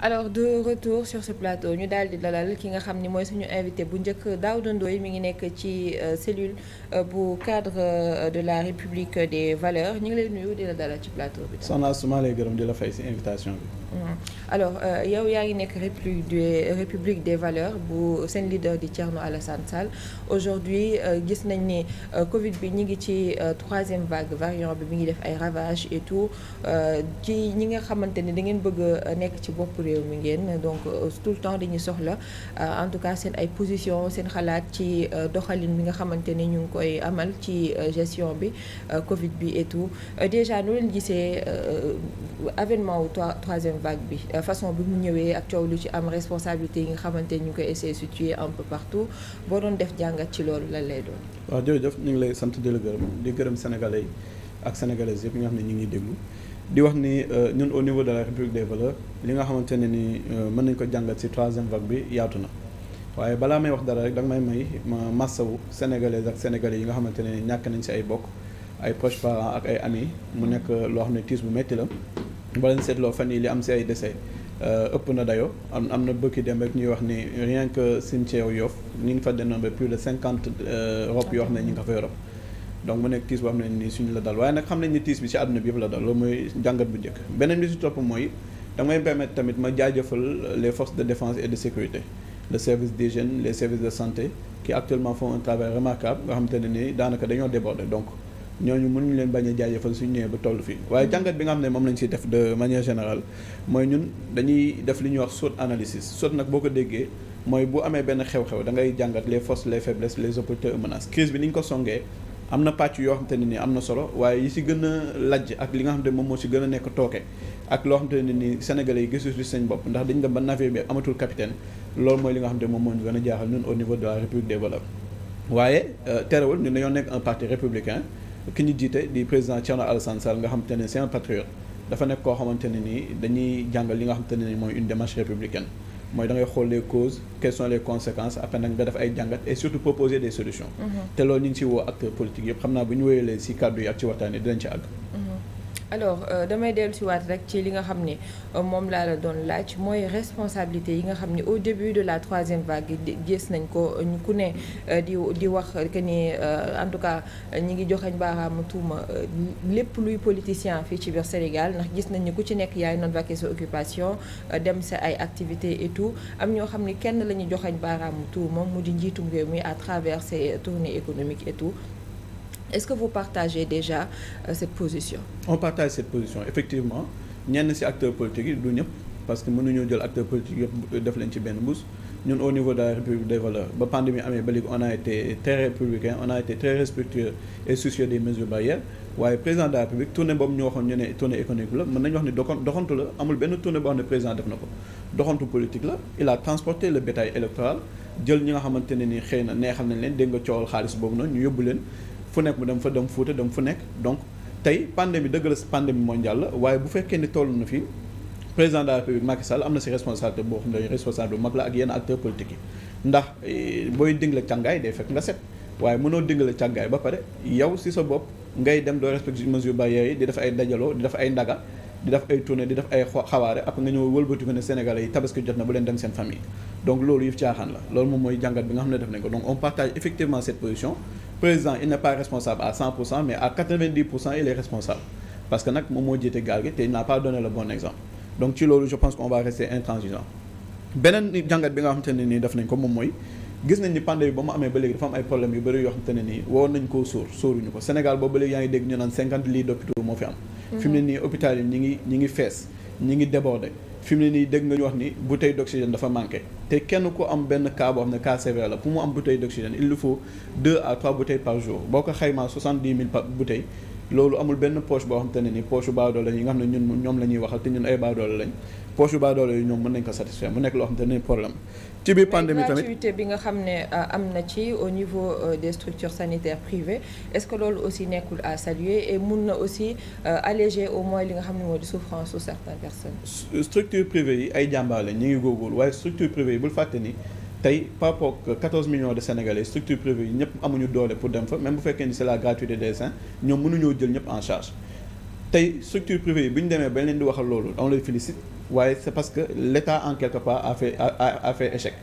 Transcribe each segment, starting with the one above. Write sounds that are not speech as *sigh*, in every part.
alors de retour sur ce plateau ñu daal di dalal ki nga xam ni mooy suñu invité bu njëkk Daouda Ndoye mi ngi nekk ci euh, cellule euh, bu cadre euh, de la République des valeurs ñu ngi leen nuyu di la dalal ci plateau bi. soxna Souma lay gërëm di la fay si invitation bi. Mm. alors yow yaa ngi nekk République des République des valeurs bu seen leader di Thierno Alassane Sall aujourd'hui gis nañ ni Covid bi ñu ngi ci troisième vague variant bi mi ngi def ay ravages et tout ci ñi nga xamante ni da ngeen bëgg nekk ci bopp. réew mi ngeen donc euh, tout le temps dañuy soxla euh, en tout cas seen ay position seen xalaat ci euh, doxalin bi nga xamante ni ñu ngi koy amal ci gestion bi Covid bi et tout déjà nu leen gisee avènement wu troisième vague bi façon bi mu ñëwee ak coow lu ci am responsabilité yi nga xamante ni ñu koy essayer situer un peu partout boo doon def jàngat ci loolu lan lay doon. waaw jërëjëf ñu ngi lay sant di la gërëm di gërëm sénégalais yi ak sénégalaises yëpp ñi nga xam ne ñu ngi déglu. di wax ni euh, ñun au niveau de la république des valeurs li nga xamante ne ni euh, mën nañ ko jàngat ci troisième vague bi yaatu na waaye balaa may wax dara rek danga may may ma massawu sénégalais ak sénégale yi nga xamante ni ñàkk nañ ci ay bokk ay proches ak ay amis mu nekk loo xam ne tiis bu métti la bala ñu seetloo fan yi li am ci ay décès euh, ëpp na dayo am am na bëkki dem rek ñuy wax ni rien que cimetière Yoff ñu ngi fa dénombré plus de cinquante rob yoo xam ne ñu ngi ko donc mu nekk tiis boo xam ne nii suñu la dal waaye nag xam nañ ne tiis bi ci àdduna bi yëpp la dal loolu mooy jàngat bu njëkk beneen bi ci topp mooy damay permettre tamit ma jaajëfal les forces de défense et de sécurité le service des jeunes les services de santé ki actuellement font un travail remarquable nga xamante ne ni daanaka dañoo déborder donc ñooñu ñu leen bañ a jaajëfal suñu ñëwee ba toll fii waaye jàngat bi nga xam ne moom lañ ciy def de manière générale mooy ñun dañuy def li ñuy wax SWOT analysis SWOT nag boo ko déggee mooy bu amee benn xew da ngay jàngat les forces les faiblesses les opportunités et menaces crise bi ni ñu ko songee am na pàcc yoo xamante ne ni am na solo waaye yi si gën a lajj ak li nga xam ne moom moo si gën a nekk tooke ak loo xamante ne ni sénégalais yi gisul si seen bopp ndax dañ dem ba navire amatul capitaine loolu mooy li nga xam ne moom moo ñu gën a jaaxal ñun au niveau waaye euh, terewul ñun dañoo nekk un parti républicain ki ñu jiite di président Thierno Alassane Sall nga ne c'est un patriote dafa nekk koo xamante ne nii dañuy jàngal li nga xamante ne ni mooy une démarche républicaine mooy da xool les causes quelles sont les conséquences après nag nga def ay jàngat et surtout proposer des solutions. Mm-hmm. te loolu ñu ngi si woo acteurs politiques yëpp xam naa bu ñu wéyalee si kàddu yi ak ci waxtaan yi dinañ ci àgg. Mm-hmm. alors euh, damay dellu waat rek ci li nga xam ni euh, moom laa la doon laaj mooy responsabilité yi nga xam ni au début de la troisième vague gis nañ ko euh, ñu ku ne di di wax que ni en tout cas ñi ngi joxeñ baaraamu tuuma lépp luy politicien fii ci biir Sénégal ndax gis nañ ku ci nekk yaay noon vaquer sa occupation dem sa ay activité et am ñoo xam ni kenn la ñuy joxeñ baaraamu tuuma mu di njiitu réew mi à travers ses tournées économiques et est-ce que vous partagez déjà euh, cette position. on partage cette position effectivement ñenn ci acteurs politiques yi du ñëpp parce que mënuñoo jël acteurs politiques yëpp euh, def leen ci benn bouse ñun au niveau de la République des valeurs ba pandémie amee ba léegi a été très républicain on a été très respectueux et soucieux des mesures barrières waaye président de la République tournée boobu ñu waxoon ñu ne tournée économique la mën nañu wax ne doxantu la amul benn tournée boo xam ne a transporté le bétail électoral jël xamante ne ni xëy na neexal nañ leen dégg nga coowal xaalis boobu noonu ñu yóbbu leen fu nekk mu dem fa dem Fuuta dem fu nekk donc tey pandémie dëgg la pandémie mondiale la waaye bu fekkee ni toll na fii président de la république Macky Sall am na si responsabilité boo xam ne responsable bu mag la ak yenn acteurs ndax eh, booy dingle càngaay day fekk nga set waaye mënoo dingle càngaay ba pare yow si sa bopp ngay dem doo respecté na bu leen dem seen famille donc loolu yëf caaxaan la loolu moom mooy jàngat bi nga xam ne def nañ ko donc on partage effectivement cette position président il n'est pas responsable à 100 pour cent mais à 90 pour cent il est responsable parce que nag moom moo jiite gaal gi te il pas donné le bon exemple donc ci loolu je pense qu'on va rester intransigeant beneen jàngat bi nga xamante ne nii def nañ ko moom mooy gis nañ ni pandémie bi ba mu amee ba léegi dafa am ay problèmes yu bëri yoo xamante ne nii woon nañ koo sóor sóoruñu ko Sénégal boobu léegi yaa ngi dégg ñu naan 50 fi mu ne nii dégg nga ñu wax ni bouteille d'oxygène dafa manqué te kenn ku am benn cas boo xam ne cas sévère la pour mu am bouteille d'oxygène il lui faut deux a trois bouteilles par jour boo ko xaymaa soixante dix mille par loolu amul benn poche boo xam te ne nii poche u baadoola yi nga xam ne ñun ñoom la ñuy waxal te ñun ay baadoola lañ poche yu baa doole yi ñoom mën nañ ko satisfaire mu nekk loo xam ne problème ci biir pandémie tamit gratuité bi nga xam ne euh, am na ci au niveau euh, de structures sanitaires privées est-ce que loolu aussi nekkul à saluer et mun na aussi euh, alléger au moins li nga xam ne moo di souffrance su certaines personnes structure privée yi ay jàmbaar lañ ñu ngi góorgóorlu waaye structure privée yi bul fàtte ni tey par rapport 14 millions de sénégalais structure privée yi ñëpp amuñu doole pour dem fa même bu fekkee ni c'est la gratuité des soins ñoom mënuñoo jël ñëpp en charge tey structure privée yi ñu demee bañ leen di waxal loolu on les waaye c'est parce que l'État en quelque part a fait a, fait échec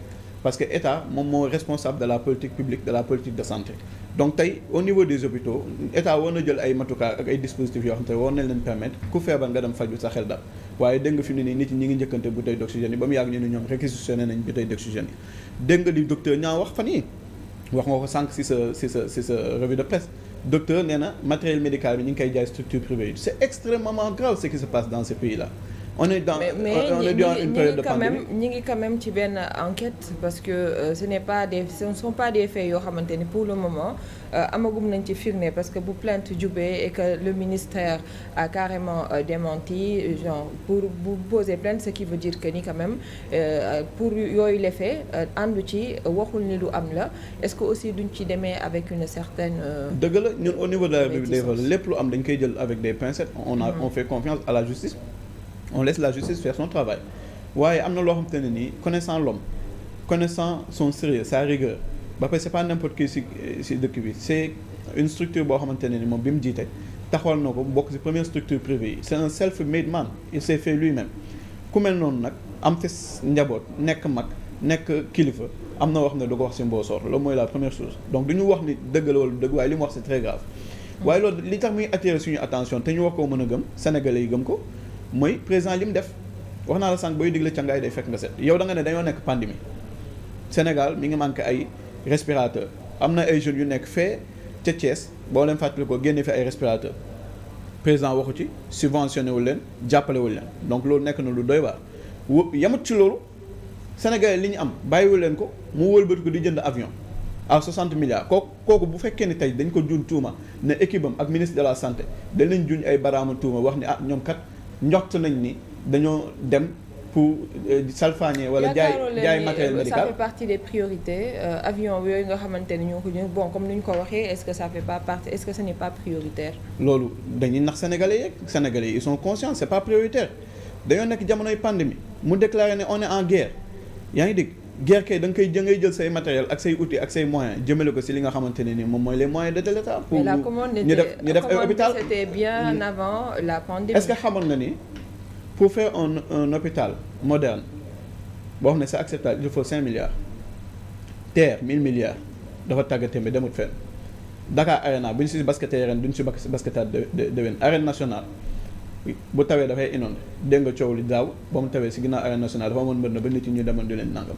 parce que État moom moo responsable de la politique publique de la politique de santé donc tey au niveau des hôpitaux État war jël ay matukaay ak ay dispositifs yoo xam te war nañ leen permettre ku feebar nga dem faju sa xel dal waaye dégg nga fi nii nit ñi ngi njëkkante bouteille d'oxygène yi ba mu yàgg ñu ne ñoom réquisitionné nañ bouteille d'oxygène yi dégg nga li ñaa wax fan yi wax sànq si sa sa si sa revue nee na matériel médical bi ngi koy jaay structure privée yi c'est on mais, mais on est dans une ñi ngi quand même ci benn enquête parce que euh, ce n'est pas des ce ne sont pas des faits yoo xamante ni pour le moment euh, amagum nañ ci firnde parce que bu plainte jubee et que le ministère a carrément euh, démenti genre pour bu poser plainte ce qui veut dire que ni quand même euh, pour yooyu les faits euh, àndu ci waxul ni lu am la est-ce que aussi duñ ci demee avec une certaine. Euh, dëgg la ñun au niveau de la République lépp lu am dañ koy jël avec des pincettes. on a mm-hmm. on fait confiance on laisse la justice faire son travail waaye am na loo xam te ne nii connaissant l'homme connaissant son sérieux sa rigueur ba pare c'est pas n'importe qui si si dëkk bi c'est une structure boo xamante ne ni moom bi mu jiite taxawal na ko mu bokk ci première structure privée yi c'est un self-made man il s'est fait lui-même ku mel noonu nag am fi njaboot nekk mag nekk kilifa am na wax ne du ko wax ci mboosoor loolu mooy la première chose donc du ñu wax ni dëgg la wala dëgg waaye wax c'est très grave waaye loolu li tax muy suñu attention te ñu wax koo mën a gëm sénégalais yi gëm ko mooy président li mu def wax naa la sànq booy digle cangaay day fekk nga set yow da ne dañoo nekk pandémie Sénégal mi ngi manqué ay respirateur am na ay jeunes yu nekk fee ca Thiès boo leen fàttali ko génne fi ay respirateur président waxu ci subventionné wul leen jàppale wul leen donc loolu nekk na lu doy waar yamut ci loolu Sénégal li ñu am bàyyiwu leen ko mu wëlbati ko di jënd avion à 60 milliards kooku kooku bu fekkee ni tey dañ ko juñ tuuma ne équipe ak ministre de la santé dañ leen juñ ay baraamu wax ni ah ñoom kat njort nañ ni dañoo dem pour euh, salfaañe wala jaay jaay matériel euh, médical ça fait partie des priorités euh, avion yooyu nga xamante ni ñoo ko jël bon comme ni ñu ko waxee est-ce que ça fait pas partie est-ce que ce n'est pas prioritaire loolu dañuy nax sénégalais yeeg sénégalais yi ils sont conscients c'est pas prioritaire dañoo nekk jamonoy pandémie mu déclaré ne on est en guerre yaa ngi dégg guerre kay da nga koy da jël say matériel ak say outils ak say moyens jëmale ko si li nga xamante ne ni moom mooy les moyens de l'État pour ñu def ñu def ay hôpital c'était bien mm-hmm. avant xamoon nga ni pour faire un un hôpital moderne boo xam ne sa acceptable il faut 5 milliards terre 1000 milliards dafa tàggatémbe demut fenn Dakar Arena bu ñu si baskettee ren du ñu si baskettaat déwén arène nationale bu tawee dafay inondé dégg nga coow li daaw ba mu tawee si ginnaaw arène ñu demoon leen nangam.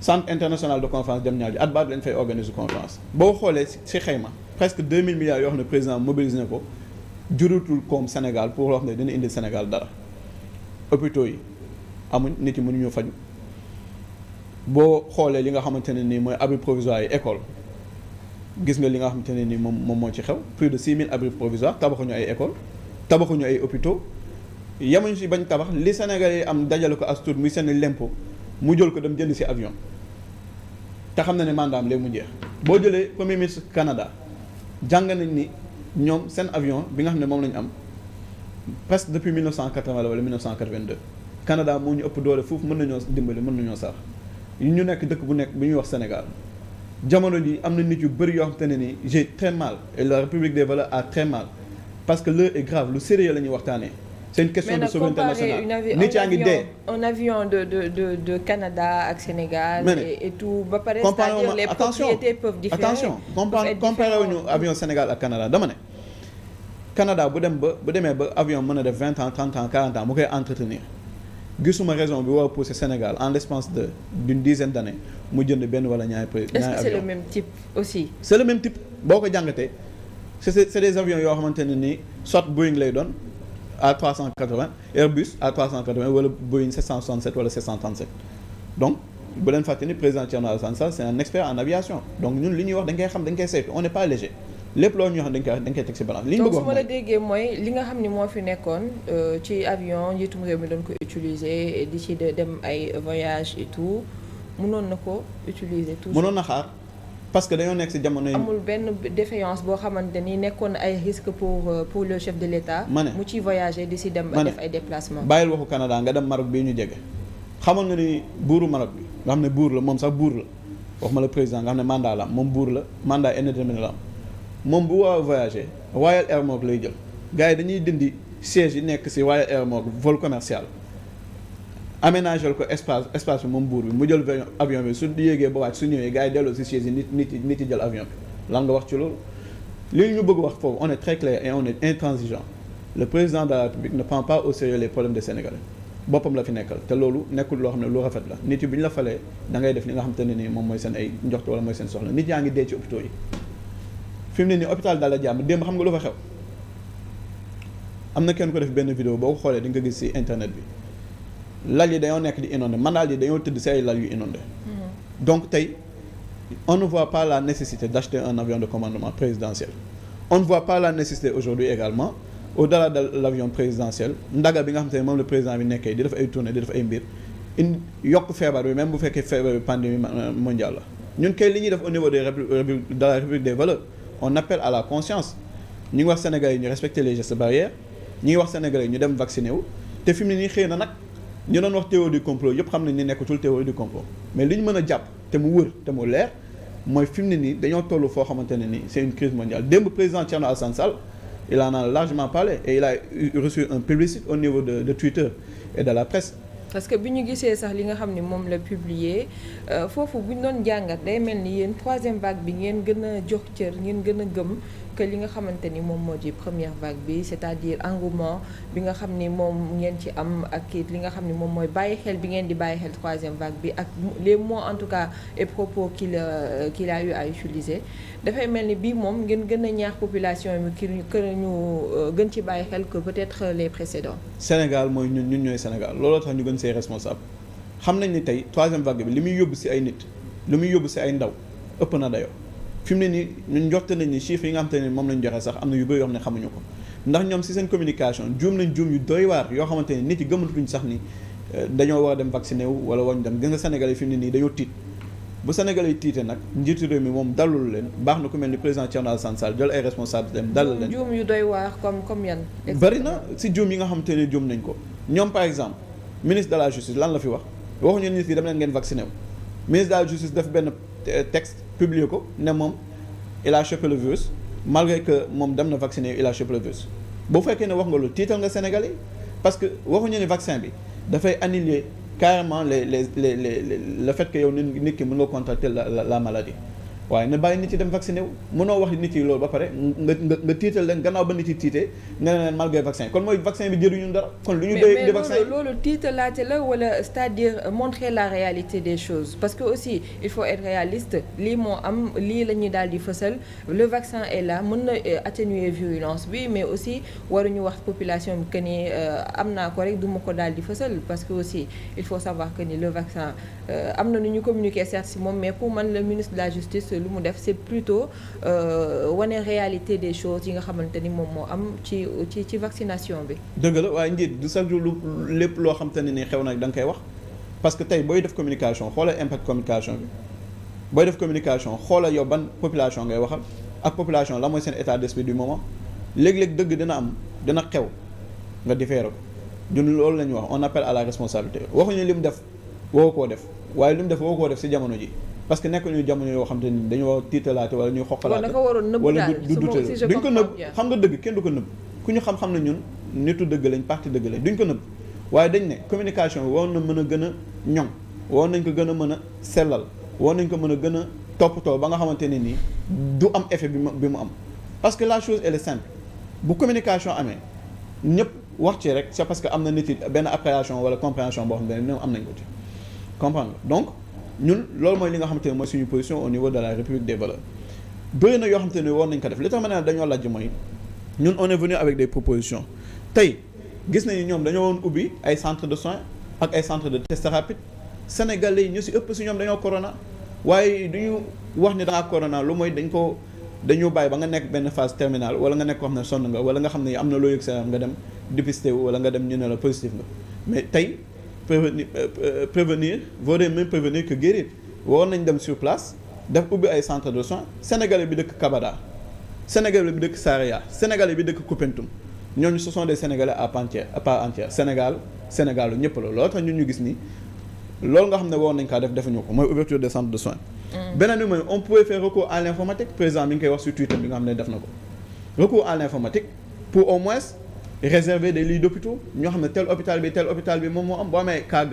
centre international de conférence dem ñaajo at baab lañ fay organiser conférence boo xoolee si xayma presque 2000 milliards yoo xam ne président mobilisé na ko jurutul koom Sénégal pour loo xam ne dina indi Sénégal dara hôpitaux yi amuñ nit yi mënuñu faju boo xoolee li nga xamante ne nii mooy abri provisoire école gis nga li nga xamante ne nii moom moom moo ci xew plus de 6000 abri provisoire tabaxuñu ay école tabaxuñu ay hôpitaux yemuñ si bañ tabax li Sénégal yi am dajale ko as seen lempo mu jël ko dem jënd si avion te xam na ne mandaam léegi mu jeex boo jëlee premier ministre Canada jàng nañ ni ñoom seen avion bi nga xam ne moom la ñu am presque depuis 1980 wala 1982 Canada moo ñu ëpp doole foofu mën nañoo dimbali mën nañoo sar ñu nekk dëkk bu nekk bu ñuy wax Sénégal jamono ji am na nit yu bëri yoo xam te ne ni j'ai très mal et la République des valeurs a très mal parce que l'heure est grave lu sérieux la ñuy waxtaanee. c'est une question de souveraineté nationale nit yaa ngi dee un avion de de de de Canada ak Sénégal. et tout ba pare c'est-à-dire les attention peuvent différer. attention comparé wuñu ak Canada dama ne. Canada bu dem ba bu demee ba avion mën a vingt ans trente ans quarante ans mu entretenir gisuma raison bi war a Sénégal en l'espace de d'une dizaine d'années mu jënd benn wala ñaari prix. est-ce c'est le même type aussi. c'est le même boo ko jàngatee c'est c'est des avions yoo xamante ne nii soit Boeing lay doon. A380 Airbus A380 wala Boeing 767 wala 737 donc bu leen fàtte ni président Thierno Alassane Sall c'est un expert en aviation donc ñun li ñuy wax dañ koy xam dañ koy seet on n'est pas léger lépp loolu ñuy wax dañ koy dañ koy teg ci balance li ñu bëgg donc mooy li nga xam ni moo fi nekkoon euh, ci avion njiitum réew mi doon ko utiliser di ci dem ay voyage et mënoon na ko utiliser mënoon na xaar parce que dañoo nekk si jamono yi. amul benn défaillance boo xamante ni nekkoon ay risque pour euh, pour le chef de l'État. ma ne mu ciy voyager di si dem. def ay déplacement bàyyil waxu Canada nga dem Maroc bii ñu jege. xamoon na ni buuru Maroc bi nga xam ne buur la moom sax buur la wax la président nga xam ne mandat la am moom buur la mandat indéterminé la moom bu waa voyager Royal Air Maroc lay jël gars yi dañuy dindi siège yi nekk si Royal Air Maroc vol aménagé ko espace espace bi moom buur bi mu jël avion bi su yéegee ba wàcc su ñëwee gars yi delloo si chaise nit nit yi jël avion bi lan nga wax ci loolu li ñu bëgg wax foofu on est très clair et on est le président de la République ne prend pas au sérieux les problèmes des Sénégalais boppam la fi nekkal te loolu nekkul loo xam ne lu rafet la nit yi bi ñu la falee da ngay def li nga xam te ne nii moom mooy seen ay njoxtu wala mooy seen soxla nit yaa ngi dee ci mu ne nii hôpital Dalal Jàmm démb xam nga lu fa xew na kenn ko def benn vidéo boo xoolee di nga gis si internet bi lal yi dañoo nekk di inondé mandaal yi dañoo tëdd si ay lal yu inondé donc tey on ne voit la nécessité d'acheter un avion de commandement présidentiel on ne voit pas la nécessité aujourd'hui également au-delà de l'avion présidentiel ndaga bi nga xam te ne moom le président bi nekkee di def ay tournée di def ay mbir in yokk feebar bi même bu fekkee feebar bi pandémie euh, mondiale la ñun kay li ñuy def au niveau des de la de des on appelle à la conscience ñu ngi wax sénégalais yi ñu respecter les gestes barrières ñu wax sénégalais yi ñu dem wu te fi mu ne nii xëy na nag ñu doon wax théorie du complot yëpp xam nañ ni nekkatul théorie du complot mais li ñu mën a jàpp te mu wër te mu leer mooy fi mu ne nii dañoo toll foo xamante ne nii c'est une crise mondiale démb président Thierno Alassane Sall il en a largement parlé et il a reçu un plébiscite au niveau de de Twitter et de la presse. parce que bi ñu gisee sax li nga xam ni moom la publier euh, foofu bu ñu doon jàngat day mel ni yéen troisième vague bi ngeen gën a jox cër ngeen gën a gëm. que li nga xamante ni moom moo di première vague bi c'est-à-dire engouement bi nga xam ni moom ngeen ci am ak it li nga xam ni moom mooy bàyyi xel bi ngeen di bàyyi xel troisième vague bi ak les mots en tout cas et propos qu'il euh, qu'il a eu à utiliser dafay mel ni bii moom ngeen gën a ñaax population yi ki que ñu euh, gën ci bàyyi xel que peut-être les précédents. Sénégal mooy ñun ñun ñooy Sénégal looloo tax ñu gën see responsable xam nañ ni tey troisième vague bi li muy yóbbu ci ay nit li muy yóbbu ci ay ndaw ëpp na dayoo. fi mu ne nii ñun njorte nañ ni chiffres yi nga xam te ne moom lañ joxe sax am na yu bëri yoo xam ne xamuñu ko ndax ñoom si seen communication juum nañ juum yu doy waar yoo xamante ne nit yi gëmatuñ sax ni euh, dañoo war a dem vacciné wu wala wañ dem gis nga fi nii dañoo tiit bu Sénégal yi tiitee nag njiitu réew mi moom dalul leen baax na ku mel ni président Thierno Alassane Sall jël ay responsabilités dem dalal leen. juum yu doy waar comme comme yan. bari na si juum yi nga xamante ne juum nañ ko ñoom par exemple ministre de la justice lan la fi wax waxuñu nit yi dem ngeen vacciné wu ministre de def benn Euh, texte publié ko ne moom il a chopé le virus malgré que moom dem na vacciné il a chopé le virus boo fekkee ne wax nga lu tiital nga Sénégalais parce que waxuñu ne vaccin bi dafay annuler carrément les les les le fait que yow nit nit ki mën nga contracter la la maladie waaye na bàyyi nit yi dem vacciné wu mënoo wax nit yi loolu ba pare nga nga nga tiital leen gannaaw ba nit yi tiitee nga ne leen malgré vaccin kon mooy vaccin bi jëriñu dara kon lu ñu doy de vaccin mais loolu tiitalaate la wala c'est-à-dire la réalité des choses parce que aussi il faut être réaliste lii moo am lii la ñuy daal di fësal le vaccin et la mën na euh, atténuer virulence bi mais aussi waruñu wax population bi que euh, am naa ko rek du ko daal di fësal parce que aussi il faut savoir euh, na nu ñu moom mais pour man le lu mu def c'est plutôt euh, wane euh, réalité des choses yi nga xamante ni moom moo am ci ci ci vaccination bi. dëgg la waaye njiit du chaque jour lu lépp loo xam te ne ni xew na da nga koy wax parce que tey booy def communication xoola impact communication bi booy def communication xoola yow ban population ngay waxal ak population la mooy seen état d'esprit du moment léeg-léeg dëgg dina am dina xew nga différé ko ñun loolu la ñu wax on appelle à la responsabilité li mu def woo koo def waaye li mu def woo koo si jamono ji. parce que nekk ñu jamono yoo xam te ni dañoo tiitalaate wala ñuy xoqalaate wala du dutale duñ ko nëbb xam nga dëgg kenn du ko nëbb ku ñu xam-xam ne ñun nitu dëgg lañ parti dëgg lañ duñ ko nëbb waaye dañ ne communication bi na mën a gën a ñoŋ waroon nañ ko gën a mën a sellal waroon nañ ko mën a gën a toppatoo ba nga xamante ne nii du am effet bi bi mu am parce que la chose elle est simple bu communication amee ñëpp wax ci rek c'est parce que am na nit yi benn appréhension wala compréhension boo xam ne ñoom am nañ ko ci ñun loolu mooy li nga xamante ne mooy suñu position au niveau de la république des valeurs bëri na yoo xamante ne war nañ ko def li tax ma ne dañoo laaj mooy ñun on est venu avec des propositions tey gis nañu ñoom dañoo woon ubbi ay centres de soins ak ay centres de test rapide sénégalais yi ñu si ëpp si ñoom dañoo corona waaye du ñu wax ni dangaa corona lu mooy dañ ko dañoo bàyyi ba nga nekk benn phase terminale wala nga nekk ko xam ne sonn nga wala nga xam ne am na loo yëg sa nga dem dépisté wala nga dem ñu ne la positif nga mais tey Euh, euh, prévenir prévenir vaudrait même prévenir que guérir waroon nañ dem sur place def ubbi ay centre de soins sénégalais bi dëkk Kabada sénégalais bi dëkk Saraya sénégalais bi dëkk Koupentoum ñooñu ce sont des sénégalais à part entière à part entière Sénégal Sénégal lu ñëpp la loolu tax ñun ñu gis ni loolu nga xam ne waroon nañ kaa def defuñu ko mooy ouverture des centres de soins. Mm. beneen bi mooy on pouvait faire recours à l' informatique président mi ngi bi nga xam ne def na ko recours à au moins. réserver des lits d'hôpitaux ñoo xam ne tel hôpital bi tel hôpital bi moom moo am boo amee cas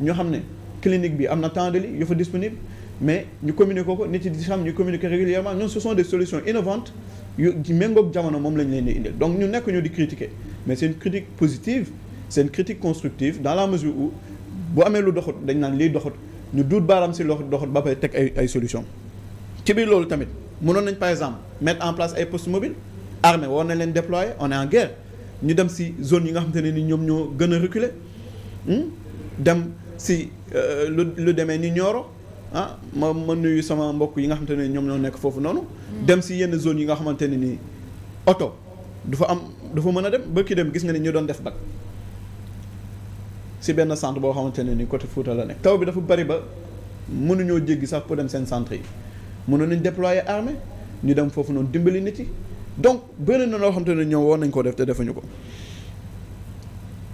ñoo xam ne clinique bi am na tant de lits yu fa disponible mais ñu communiquer ko nit yi di xam ñu communiquer régulièrement ñun ce sont des solutions innovantes yu méngoog jamono moom la leen di indil donc ñu nekk ñu di critiquer mais c'est une critique positive c'est une critique constructive dans la mesure où boo amee lu doxut dañ naan lii doxut ñu duut baaraam si loxo doxut ba pare teg ay ay solutions ci loolu tamit mënoon nañ par exemple mettre en place ay postes mobiles na leen déployer on est en ñu dem si zone yi nga xamante ne ni ñoom ñoo gën a réculer hmm? dem si euh, lu lu demee ni Nioro ah ma ma nuyu sama mbokk yi nga xamante ne ñoom ñoo nekk foofu noonu. Hmm. dem si yenn zone yi nga xamante ne ni oto du fa am du fa mën a dem ba ki dem gis nga ni ñu doon def bac si benn centre boo xamante ne ni côté Fouta la nekk. taw bi dafa bari ba mënuñoo jéggi sax pour dem seen centre yi mënoon nañ déployer armée ñu dem foofu noonu dimbali nit yi. donc bëri na loo xam te ne ñoom war nañ ko def te defuñu ko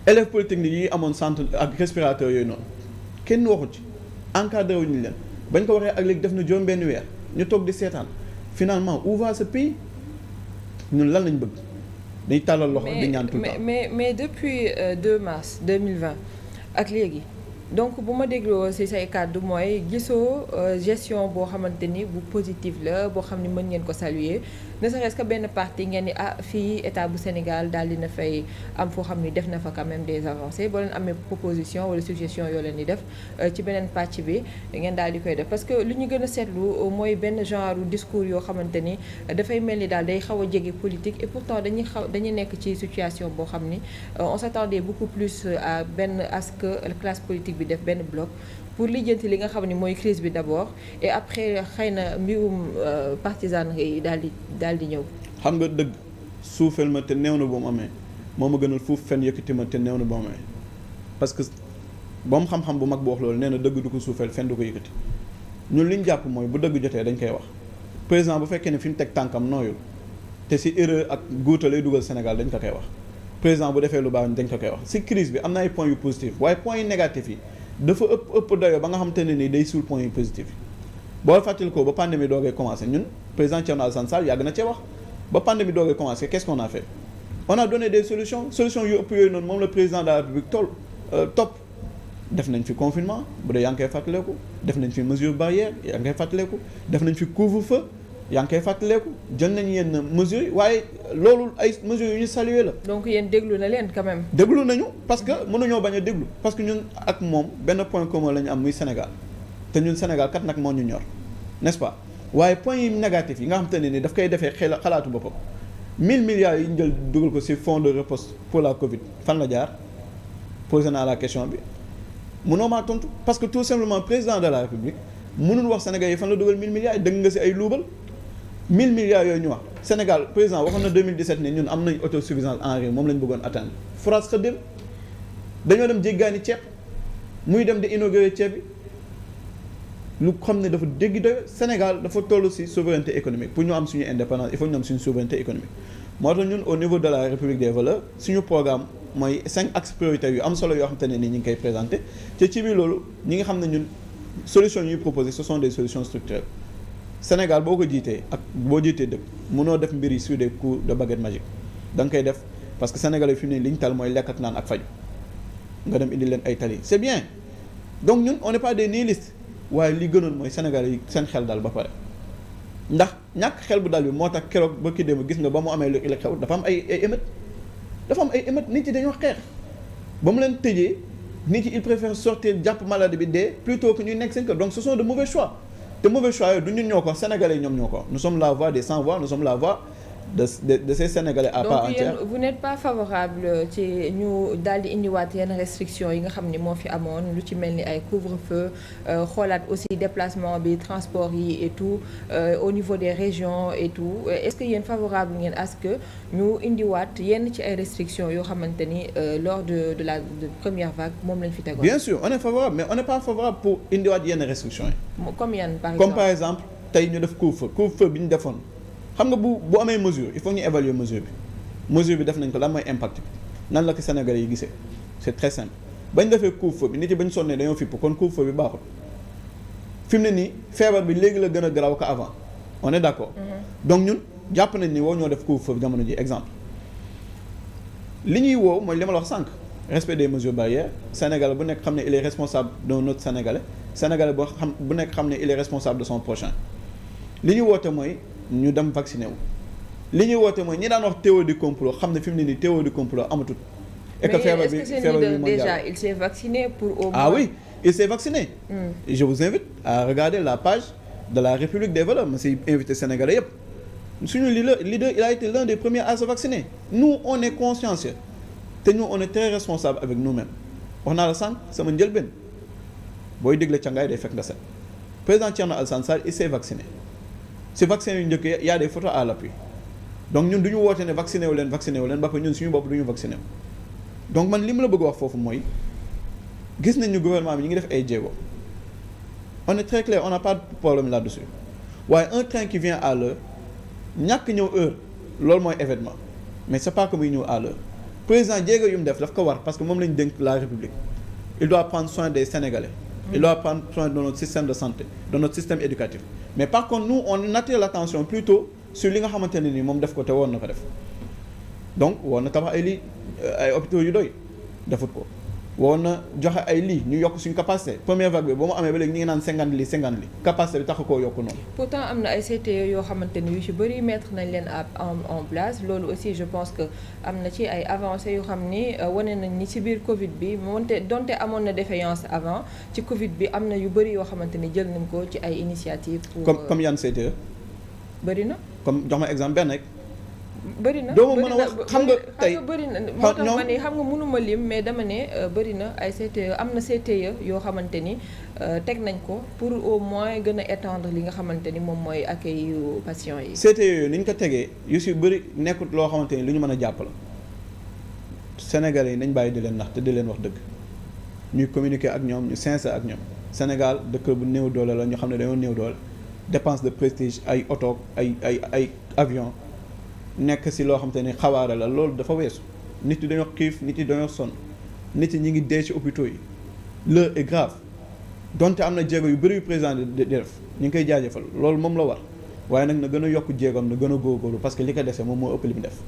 élèves polytechnique yi amoon sant ak respirateur yooyu noonu kenn waxu ci encadré wuñu leen bañ ko waxee ak léegi def na joon benn weer ñu toog di seetaan finalement où va ce pays ñun lan lañ bëgg dañ tàllal loxo di ñaan tout le temps mais mais depuis euh, 2 mars 2020 ak léegi donc bu ma dégloo ci say kàddu mooy gisoo euh, gestion boo xamante ni bu positive la boo xam ni mën ngeen ko saluer ne serait-ce que benn parti ngeen ni ah fii état bu Sénégal daal dina fay am foo xam ni def na fa quand même des avancées boo leen amee proposition wala suggestion yoo leen di def euh, ci beneen pàcc bi ngeen daal di koy def parce que lu ñu gën a seetlu euh, mooy benn genre discours yoo xamante ni euh, dafay mel ni daal day xaw a jege politique et pourtant dañuy xaw dañuy nekk ci situation boo xam ni on s'attendait beaucoup plus à benn à ce que politique bi def benn bloc. pour lijjanti li nga xam ne mooy crise bi d'abord et après xëy na mbirum euh, partisan yi daal di daal di ñëw. xam nga dëgg suufeel ma te néew na ba mu amee moo ma gënal fuuf fen yëkkati ma te néew na ba mu amee parce que boom xam-xam bu mag bu wax loolu nee na dëgg du ko suufeel fen du ko yëkkati ñun li ñu jàpp mooy bu dëgg jotee dañ koy wax président bu fekkee ne fi mu teg tànkam nooyul te si erreur ak guuta lay dugal Sénégal dañ ko koy wax président bu defee lu baax dañ ko koy wax si crise bi am na ay points yu positif waaye points yu négatif yi. dafa ëpp ëpp dayo ba nga xam te ne nii day suul point yu positif boo fàttali ko ba pandémie doogee commencé ñun président Thierno Alassane Sall yàgg na cee wax ba pandémie doogee commencé qu'est-ce a fait on a donné des solutions solutions yu ëpp yooyu noonu moom le président de la République toll euh, topp def nañ fi confinement bu dee yaa ngi koy fàttaleku def nañ fi mesure barrière yaa ngi koy fàttaleku def nañ fi couvre-feu yaa ngi koy fàttaleeku jël nañ yenn mesures yi waaye loolu ay mesures yu ñu saluer la. donc yéen déglu na leen quand même. déglu nañu parce que nañoo bañ a déglu parce que ñun ak moom benn point commun lañu am muy Sénégal te ñun Sénégal kat nag moo ñu ñor n'est-ce pas waaye point yi négatif yi nga xam te ne ni daf koy defee xel xalaatu boppam 1000 milliards yi ñu dugal ko ci fonds de riposte pour la Covid fan la jaar posé naa la question bi mënoo maa tontu que tout simplement président de la République mënul wax Sénégal yi fan la dugal dégg nga ci ay luubal. 1000 milliards yooyu ñu wax Sénégal président waxoon na 2017 ne ñun am nañ autosuffisance en riz moom la ñu ceeb muy dem di inauguré ceeb bi xam ne dafa dégg doy Sénégal dafa toll ci souveraineté économique pour ñu am suñu indépendance il faut ñu am suñu souveraineté économique moo tax de la République des valeurs suñu programme mooy cinq axes prioritaires yu am solo yoo xam te ne ni ñu ngi koy présenté te ci biir loolu ñi nga xam ne ñun solution ñuy proposé ce sont des solutions structurelles Sénégal boo ko jiitee ak boo jiitee dëkk mënoo def mbir yi sur des coups de baguette magique da nga koy def parce que sénégalais fi mu ne li ñu tal mooy lekk ak naan ak faju nga dem indi leen ay tali c'est bien donc ñun on n'est pas des nihilistes waaye li gënoon mooy sénégal yi seen xel dal ba pare ndax ñàkk xel bu dal bi moo tax keroog ba ki dem gis nga ba mu amee lu ila xew dafa am ay ay émeute dafa am ay émeute nit yi dañoo xeex ba mu leen tëjee nit yi il préfère sortir jàpp maladie bi dee plutôt que ñuy nekk seen kër donc ce te mauvais choix yooyu du ñun ñoo ko sénégalais yi ñoom ñoo ko nous sommes la voix des sans voix nous sommes la voix de de de ces Sénégalais à part entière donc n'êtes pas favorable ci ñu daal di indiwaat yenn restrictions yi nga xam ni moo fi amoon lu ci mel ni ay couvre-feu euh, xoolaat aussi déplacement bi transport yi et tout euh, au niveau des régions et tout euh, est-ce que yéen favorable ngeen à que ñu indiwaat yenn ci ay restrictions yoo xamante ni lors de de la de première vague moom lañ fi tegoon. bien sûr on est favorable mais on n'est pas favorable pour indiwaat yenn restrictions yi. comme yan par par exemple tey ñu def couvre-feu couvre-feu defoon. xam nga bu bu amee mesure il faut ñu évaluer mesure bi mesure bi def nañ ko lan mooy impact bi nan la ko Sénégalais yi gisee c' est très simple bañ defee couvre-feu bi nit yi bañ sonnee dañoo fipp kon couvre-feu bi baaxul fi mu ne nii feebar bi léegi la gën a garaaw ko avant on est d' accord. Mm-hmm. donc ñun jàpp nañ ni woo ñoo def couvre-feu bi jamono ji exemple li ñuy woo mooy li ma la wax sànq respect des mesures barrières Sénégal bu nekk xam ne il est responsable d'un autre Sénégalais Sénégalais boo xam bu nekk xam ne il responsable son prochain li ñu woote mooy. ñu dem vacciné wu li ñuy woote mooy ñi daan wax théorie du complot xam ne fi mu ne nii théorie du complot amatul. et que feebar bi feebar bi déjà il s'est vacciné pour au ah moins. ah oui il s'est vacciné. Mm. je vous invite à regarder la page de la République des valeurs ma siy invité Sénégalais yépp suñu li leader il a été l'un des premiers à se vacciner nous on est consciencieux te nous on est très responsable avec nous-mêmes wax naa la sànq sama njëlbeen booy dégle cangaay day fekk nga set président Thierno Alassane Sall il s'est ci vaccin yu njëkk y' a des photos à donc ñun duñu ñu woote ne vacciné wu leen vacciné wu leen ba ñun suñu bopp du ñu vacciné wu donc man li mu la bëgg wax foofu mooy gis nañ ñu gouvernement bi ñu ngi def ay jéego on est très clair on n'a pas de problème là-dessus waaye un train qui vient à l'heure ñàkk ñëw heure loolu mooy événement mais c'est pas que muy ñëw à l'heure président jege yu mu def daf ko war parce que moom lañu dénk la république il doit prendre soin des sénégalais il doit prendre soin de notre système de santé de système éducatif mais par contre nous on attire l'attention plutôt sur li nga xamante ne ni moom def ko te woon na ko def donc war na tabax ay li euh, ay hôpitaux yu doy defut ko waroon na joxe ay lits ñu yokk suñu capacité première vague boo mu amee ba léegi ñu ngi naan cinquante lits cinquante lits capacité bi tax koo yokk noonu. pourtant am na ay CTE yoo xamante ni yu ci bëri mettre nañ leen en en place loolu aussi je pense que am na ci ay avancé yoo xam ni euh, wane nañ ni ci biir Covid bi moonte donte amoon na défaillance avant ci Covid bi am na yu bëri yoo xamante ni jël nañ ko ci ay initiative pour comme comme yan CTE. bëri na. comme jox ma exemple benn rek. bëri na doo mën a wax bëri na moo tax ma ne xam nga mënuma lim mais dema ne euh, bëri na ay CTE am na CTE yoo xamante ni euh, teg nañ ko pour au moins gën a étendre li nga xamante ni moom mooy ak yu patients yi. CTE yooyu ni ñu ko tegee yu si bëri nekkut loo xamante ni lu ñu mën a jàpp la Sénégalais yi nañ bàyyi di leen nax te di leen wax dëgg ñuy communiqué ak ñoom ñu sincère ak ñoom Sénégal dëkk bu néew doole la ñu xam ne dañoo néew doole dépense de prestige ay oto ay ay ay avion nekk si loo xam ni ne xawaare la loolu dafa weesu nit yi dañoo xiif nit yi dañoo sonn nit yi ñu ngi dee ci hôpitaux yi l'heure est grave donte am na jéego yu bëri yu président di def ñu ngi koy jaajëfal loolu moom la war waaye nag na gën a yokk jéegoom na gën a góorgóorlu parce que li ko defee moom moo ëpp li def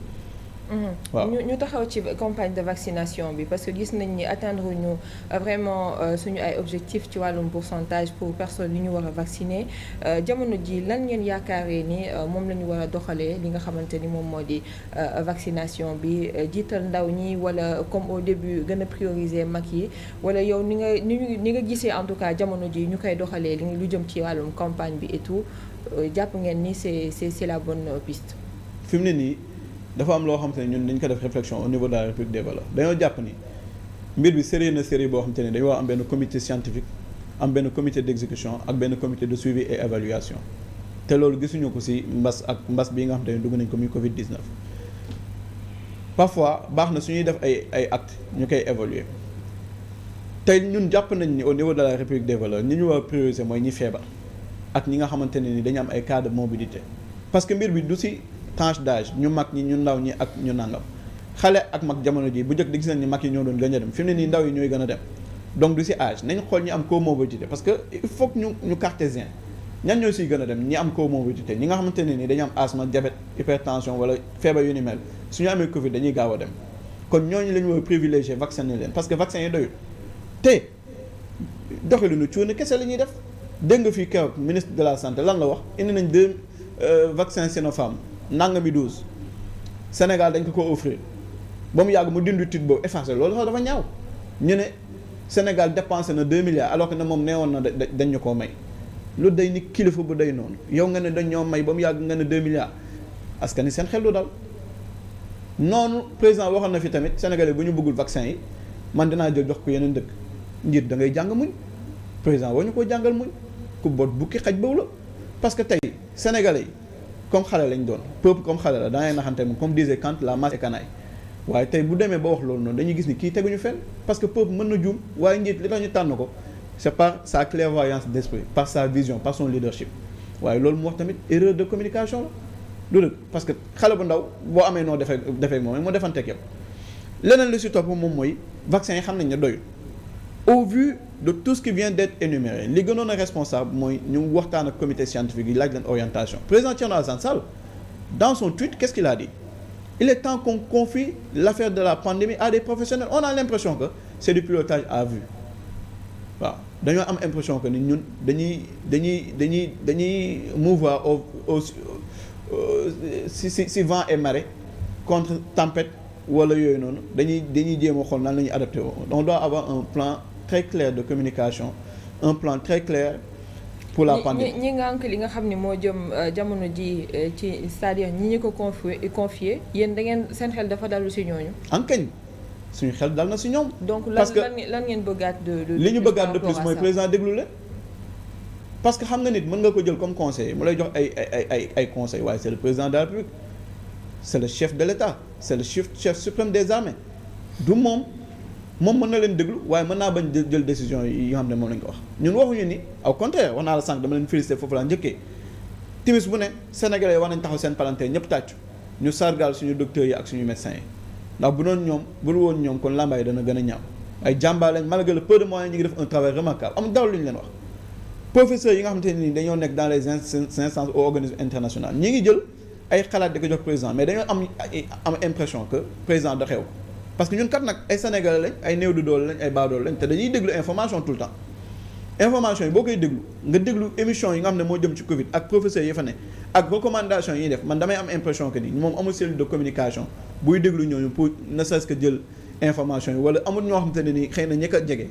waaw ñu ñu taxaw ci campagne de vaccination bi parce que gis nañ ni atteindre ñu euh, vraiment euh, suñu ay objectif ci wàllum pourcentage pour personnes yi ñu war a vacciner euh, jamono ji lan ngeen yaakaaree ni moom la ñu war a doxalee li nga xamante ni moom moo di vaccination bi jiital ndaw ñi wala comme au début gën a prioriser mag yi wala yow ni nga ni nga gisee en tout cas jamono ji ñu koy doxalee li lu jëm ci wàllum campagne bi et jàpp ngeen ni c'est c'est c'est la bonne piste. fi ne nii dafa am loo xam te ne ñun dañ ko def réflexion au niveau de la république des dañoo jàpp ni mbir bi série na série boo xam te ne dañoo am benn comité scientifique am benn comité d'exécution ak benn comité de suivi et te loolu gisuñu ko ci mbas ak mbas bii nga xam ne dugg nañ ko muy Covid 19. parfois baax na su ñuy def ay ay actes ñu koy évaluer te ñun jàpp nañ ni au niveau de la république des valeurs ñi ñu war a prioriser mooy ñi feebar ak ñi nga xamante ne ni dañu am ay cas de mobilité parce mbir bi du ci. tranche d'âge ñu mag ñi ñu ndaw ñi ak ñu nangam xale ak mag jamono ji bu njëkk di gis nañ ni mag yi ñoo doon gën a dem fi mu ne nii ndaw yi ñooy gën a dem donc du si âge nañ xool ñi am comorbidité parce que il faut ñu ñu cartésien ñan ñoo si gën a dem ñi am comorbidité ñi nga xamante ne nii dañu am asthme diabète hypertension wala feebar yu ni mel suñu amee covid dañuy gaaw a dem kon ñooñu la ñu war a privilégié vacciner leen parce que vaccin yi doyul te doxalinu cuune kese la ñuy def dégg nga fii keroog ministre de la santé lan la wax indi nañ deux euh, vaccin Sinopharm nangami dose Sénégal dañ ko ko offrir ba mu yàgg mu dindi titre boobu effacé loolu sax dafa ñaaw ñu ne Sénégal dépensé na 2 milliards alors que ne moom nee woon na dañ ñu koo may lu day ni kilifa bu day noonu yow nga ne dañ ñoo may ba mu yàgg nga ne 2 milliards askan ni seen xel du dal noonu président waxoon na fi tamit sénégalais bu ñu bëggul vaccin yi man dinaa jël jox ko yeneen dëkk njiit da jàng muñ président woo ñu ko jàngal muñ ku bot bukki xaj boobu parce que tey sénégalais comme xale lañ doon peuple comme xale la dangay naxante moom comme disait Kant la masse est canaille waaye tey bu demee ba wax loolu noonu dañuy gis ni kii teguñu fenn parce que peuple mën na juum waaye njiit li tax ñu tànn ko c'est par sa clairvoyance d'esprit par sa vision par son leadership waaye loolu mu wax tamit erreur de communication la du dëgg parce que xale bu ndaw boo amee noo defee defee moom moo defanteeg yow leneen li si topp moom mooy vaccin xam nañ ne doyul au vu de tout ce qui vient d'être énuméré li gënoon a responsable mooy ñu waxtaan ak comité scientifique yi laaj leen orientation président Thierno Alassane Sall dans son tweet qu'est-ce qu'il a dit il est temps qu'on confie l'affaire de la pandémie à des professionnels on a l'impression que c'est du pilotage à vue waaw dañoo am impression que ni ñun dañuy dañuy dañuy dañuy mouvoir au au euh, si si et marée contre tempête wala yooyu noonu dañuy dañuy jéem a xool nan la ñuy adapté on doit avoir un plan très clair de communication un plan très clair pour la pandémie ñi nga li nga xam ne moo jëm euh, jamono ji euh, ci c'est-à-dire ñi ñu ko confié confié yéen da ngeen seen xel dafa dalu si ñooñu. ankañ suñu xel dal na si ñoom. donc lan lan ngeen bëggaat de li ñu bëggaat de plus mooy président déglu leen. parce que xam na nit mën nga ko jël comme conseiller mu lay jox ay ay ay ay conseil waaye c'est le président de la République c'est le chef de l'État c'est le chef chef des armées du moom mën na leen déglu waaye mën naa bañ jël décision yi nga xam ne moom lañ ko wax ñun waxuñu ni au contraire wax naa la sànq dama leen félicité foofu laa njëkkee timis bu ne sénégalais yi war nañ taxaw seen palanteer ñëpp tàccu ñu sargal suñu docteurs yi ak suñu médecins yi ndax bu doon ñoom bul woon ñoom kon làmbaay dana gën a ñaaw ay jàmbaar lañ malgré le peu de moyens ñu ngi def un travail remarquable amul dara lu leen wax professeurs yi nga xam ne nii dañoo nekk dans les instances au organisme international ñi ngi jël ay xalaat di ko président mais dañoo am am impression que président da parce que ñun kat nag ay sénégalais lañ ay néew du doole lañ ay baadoole lañ te dañuy déglu information tout temps information yi boo koy déglu nga déglu émission yi nga am ne moo jëm ci Covid ak professeur yi fa ne ak recommandation yi def man damay am impression que ni moom amul cellule de communication buy déglu ñooñu pour ne serait jël information yi wala amul ñoo xam te ne nii xëy na ñi ko jege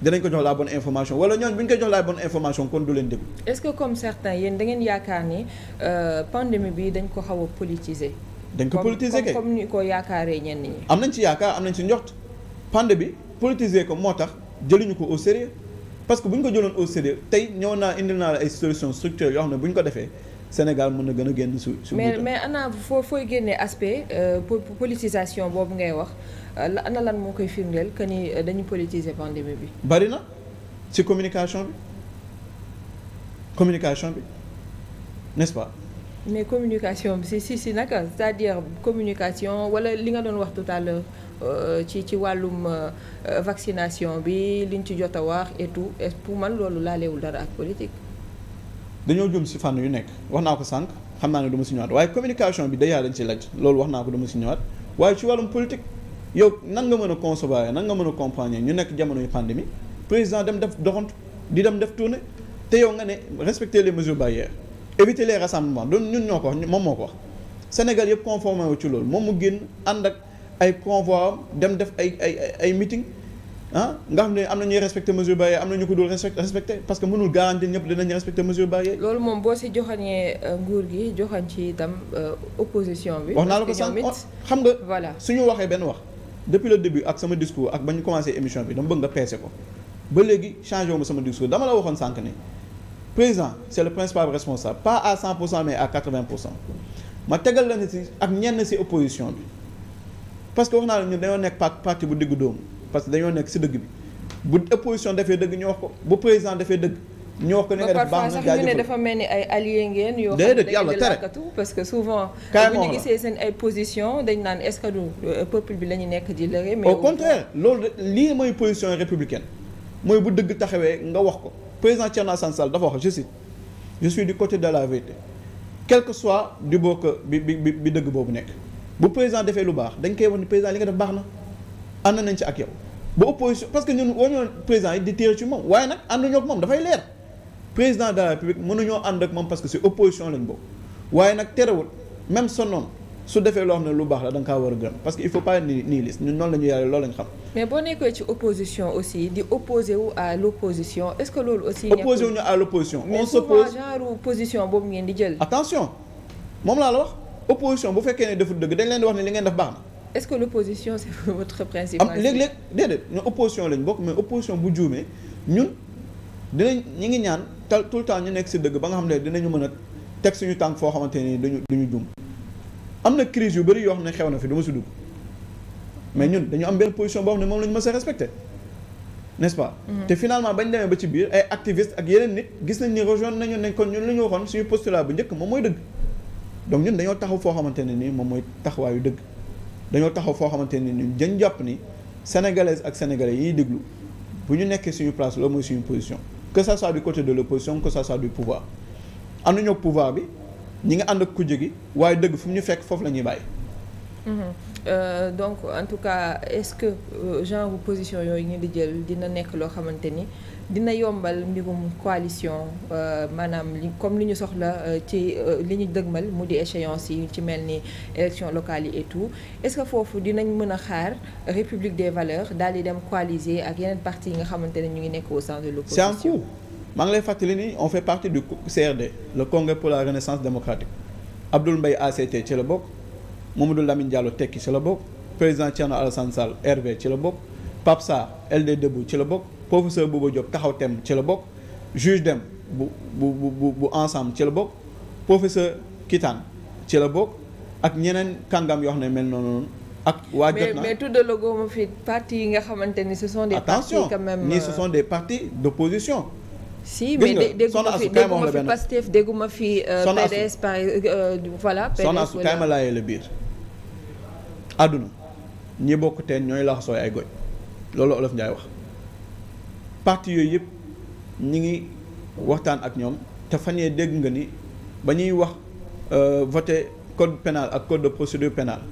dinañ ko jox la bonne information wala ñooñu bu ñu koy jox la bonne information kon du leen déglu. est-ce que comme certains yéen da ngeen yaakaar ni euh, pandémie ko xaw a politiser. dañ ko politiser kay comme ni ko yaakaaree ñenn ñi. am nañ ci yaakaar am nañ ci njot pande bi politiser ko moo tax jëluñu ko au sérieux parce que bu ñu ko jëloon au sérieux tey ñëw naa indil naa la ay solution structurelles yoo xam ne bu ñu ko defee Sénégal mun na gën a génn su su mais mais ana foo fooy génnee aspect euh, politisation boobu ngay wax euh, ana lan moo koy firndeel que ni euh, dañu politiser pandémie bi. bari na ci communication bi communication bi n'est-ce mais communication bi si si si naka c'est-à-dire communication wala li nga doon wax tout à l'heure euh, ci ci wàllum euh, vaccination bi li liñ ci jot a wax et tout et pour man loolu laaleewul dara ak politique. dañoo jëm si fànn yu nekk wax naa ko sànq xam naa ne du ma si ñëwaat waaye communication bi déjà dañ si laaj loolu wax naa ko du ma si ñëwaat waaye ci wàllum politique yow nan nga mën a concevoir nga mën a comprendre ñu nekk jamonoy pandémie président dem def doxantu di dem def tournée te yow nga ne respecter les mesures barrières. éviter les rassemblements doon ñun ñoo ko wax moom moo ko wax Sénégal yëpp conformé wu ci loolu moom mu génn ànd ak ay convoi dem def ay ay ay meeting ah nga xam ne am na ñuy respecté mesure barrière am na ñu ko dul respecté parce que mënul garantir ñëpp dinañ respecté mesure barrière. loolu moom boo si joxañee euh, nguur gi joxañ ci itam euh, opposition bi. wax naa la ko sànq oh, xam nga. voilà suñu waxee benn wax. depuis le début ak sama discours ak ba ñu commencé émission bi dama bëgg nga peese ko ba léegi changé wu sama discours dama la waxoon sànq ne. président c' est le principal responsable pas à 100 pour cent mais pour cent ma tegal la ni si ak ñenn si opposition bi parce que wax naa la ñun dañoo nekk parti bu diggu dóomu parce que dañoo nekk si dëgg bi bu opposition defee dëgg ñu wax ko bu président defee dëgg. ñu ko ni nga def baax na jaajëfal ñu ne dafa mel ni ay alliés ngeen. yoo xam ne dañuy làkkatu parce que souvent. bu ñu gisee seen ay position naan est-ce que du euh, bi la ñu nekk di lëre mais au contraire loolu lii mooy position républicaine mooy bu dëgg taxawee nga wax ko. président Thierno Alassane Sall dafa wax je cite du côté de la vérité quel que soit du bokk bi bi bi dëgg boobu nekk bu président defee lu baax dañ koy wax ni président li nga def baax na ànd nañ ci ak yow ba opposition parce que ñun wañu président yi di tirer ci moom waaye nag ànduñoo ak moom dafay leer président de la république mënuñoo ànd ak moom parce que si opposition lañ boobu waaye nag terewul même son noonu su defee loo xam ne lu baax la da nga war a gërëm parce que il faut pas ni nihiliste ñun noonu la ñu yàlla loolu lañ xam. mais boo nekkee ci opposition aussi di opposé wu à l' est ce que loolu aussi. opposé wu ñu à l' opposition. s' oppose mais boobu ngeen di jël. attention moom laa la wax opposition bu fekkee ne defut dëgg dañ leen di wax ne li ngeen def baax na. est ce que l' opposition c' est *laughs* votre principe. am léeg-léeg déedéet ñun opposition lañ bokk mais opposition bu juumee ñun dinañ ñi ngi ñaan tal tout le temps ñu nekk si dëgg ba nga xam ne dinañu mën a suñu tànk foo xamante ne duñu duñu juum am na crise yu bëri yoo xam ne xew na fi du ma si dugg mais ñun dañu am benn position boo xam ne moom la ñu mës a respecté nest mhm. te finalement bañ demee ba ci biir ay activistes ak yeneen nit gis nañ ni rejoindre nañu ne kon ñun li ñu waxoon suñu postulat bu njëkk moom mooy dëgg donc ñun dañoo taxaw foo xamante ne nii moom mooy taxawaayu dëgg dañoo taxaw foo xamante ne nii dañ jàpp ni sénégalaises ak sénégalais yiy déglu bu ñu nekkee suñu place loolu mooy suñu position que ça côté de l'opposition que ça soit du pouvoir am nañoo pouvoir bi. ñi nga ànd ak kujje gi waaye dëgg fu mu ñu fekk foofu la ñuy bàyyi. Mhm. Euh, donc en tout cas est-ce que euh, genre position yooyu ñu di jël dina nekk loo xamante ni dina yombal mbirum coalition euh, maanaam li comme li ñu soxla euh, ci euh, li ñu dëgmal mu di échéance yi ci mel ni élection locale yi et est-ce que foofu dinañ mën a xaar république des valeurs daal di dem coaliser ak yeneen parti yi nga xamante ne ñu ngi nekk au sein de l'opposition maa ngi lay fàttali ni on fait partie du CRD le congrès pour la renaissance démocratique Abdoul Mbaye ACT ci la bokk Mamadou Lamine Diallo tekki ci la bokk président Thierno Alassane Sall RV ci la bokk Pape Sarr LD Debout ci la bokk professeur Bouba Diop taxaw tem ci la bokk juge dem bu bu bu bu ensemble ci la bokk professeur Kitane ci la bokk ak ñeneen kangam yoo xam ne mel noonu ak waa jot na mais mais tuddaloo ma fi parti yi nga xamante ni ce sont des. partis quand même ni ce euh, sont des partis d'opposition si mais dégguma fi dégguma fi Pastef dégguma fi euh, PDS par euh, euh, voilà soxna su kaay ma laayee la biir àdduna ñi bokk teen ñooy laxasooy ay goj loolu Olof Njaay wax parti yooyu yëpp ñi ngi waxtaan ak ñoom te fañee dégg nga ni ba ñuy wax voté code pénal ak code de procédure pénale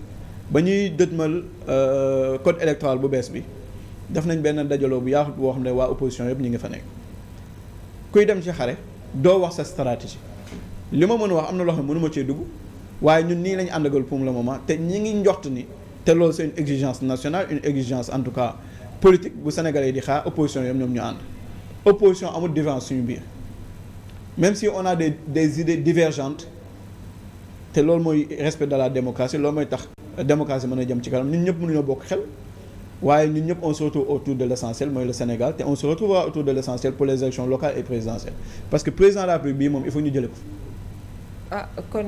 ba ñuy dëtmal code électoral bu bees bi def nañ benn dajaloo bu yaatu boo xam ne waa opposition yëpp ñi ngi fa nekk kuy dem ci xare doo wax sa stratégie li ma mën a wax am na loo xam ne cee dugg waaye ñun nii lañu àndagal pour le moment te ñi ngi njort ni te loolu c'est une exigence nationale une exigence en tout cas politique bu Sénégalais yi di xaar opposition yom ñoom ñu ànd opposition amul différence suñu biir même si on a des des idées divergentes te loolu mooy respect de la démocratie loolu mooy tax démocratie mën a jëm ci kanam ñun ñëpp mënuñoo bokk xel waaye ñun ñëpp on se retrouve autour de l' essentiel mooy le on se retrouvera autour de l' essentiel les élections locales et présidentielles parce que président de la République bii moom il faut ah kon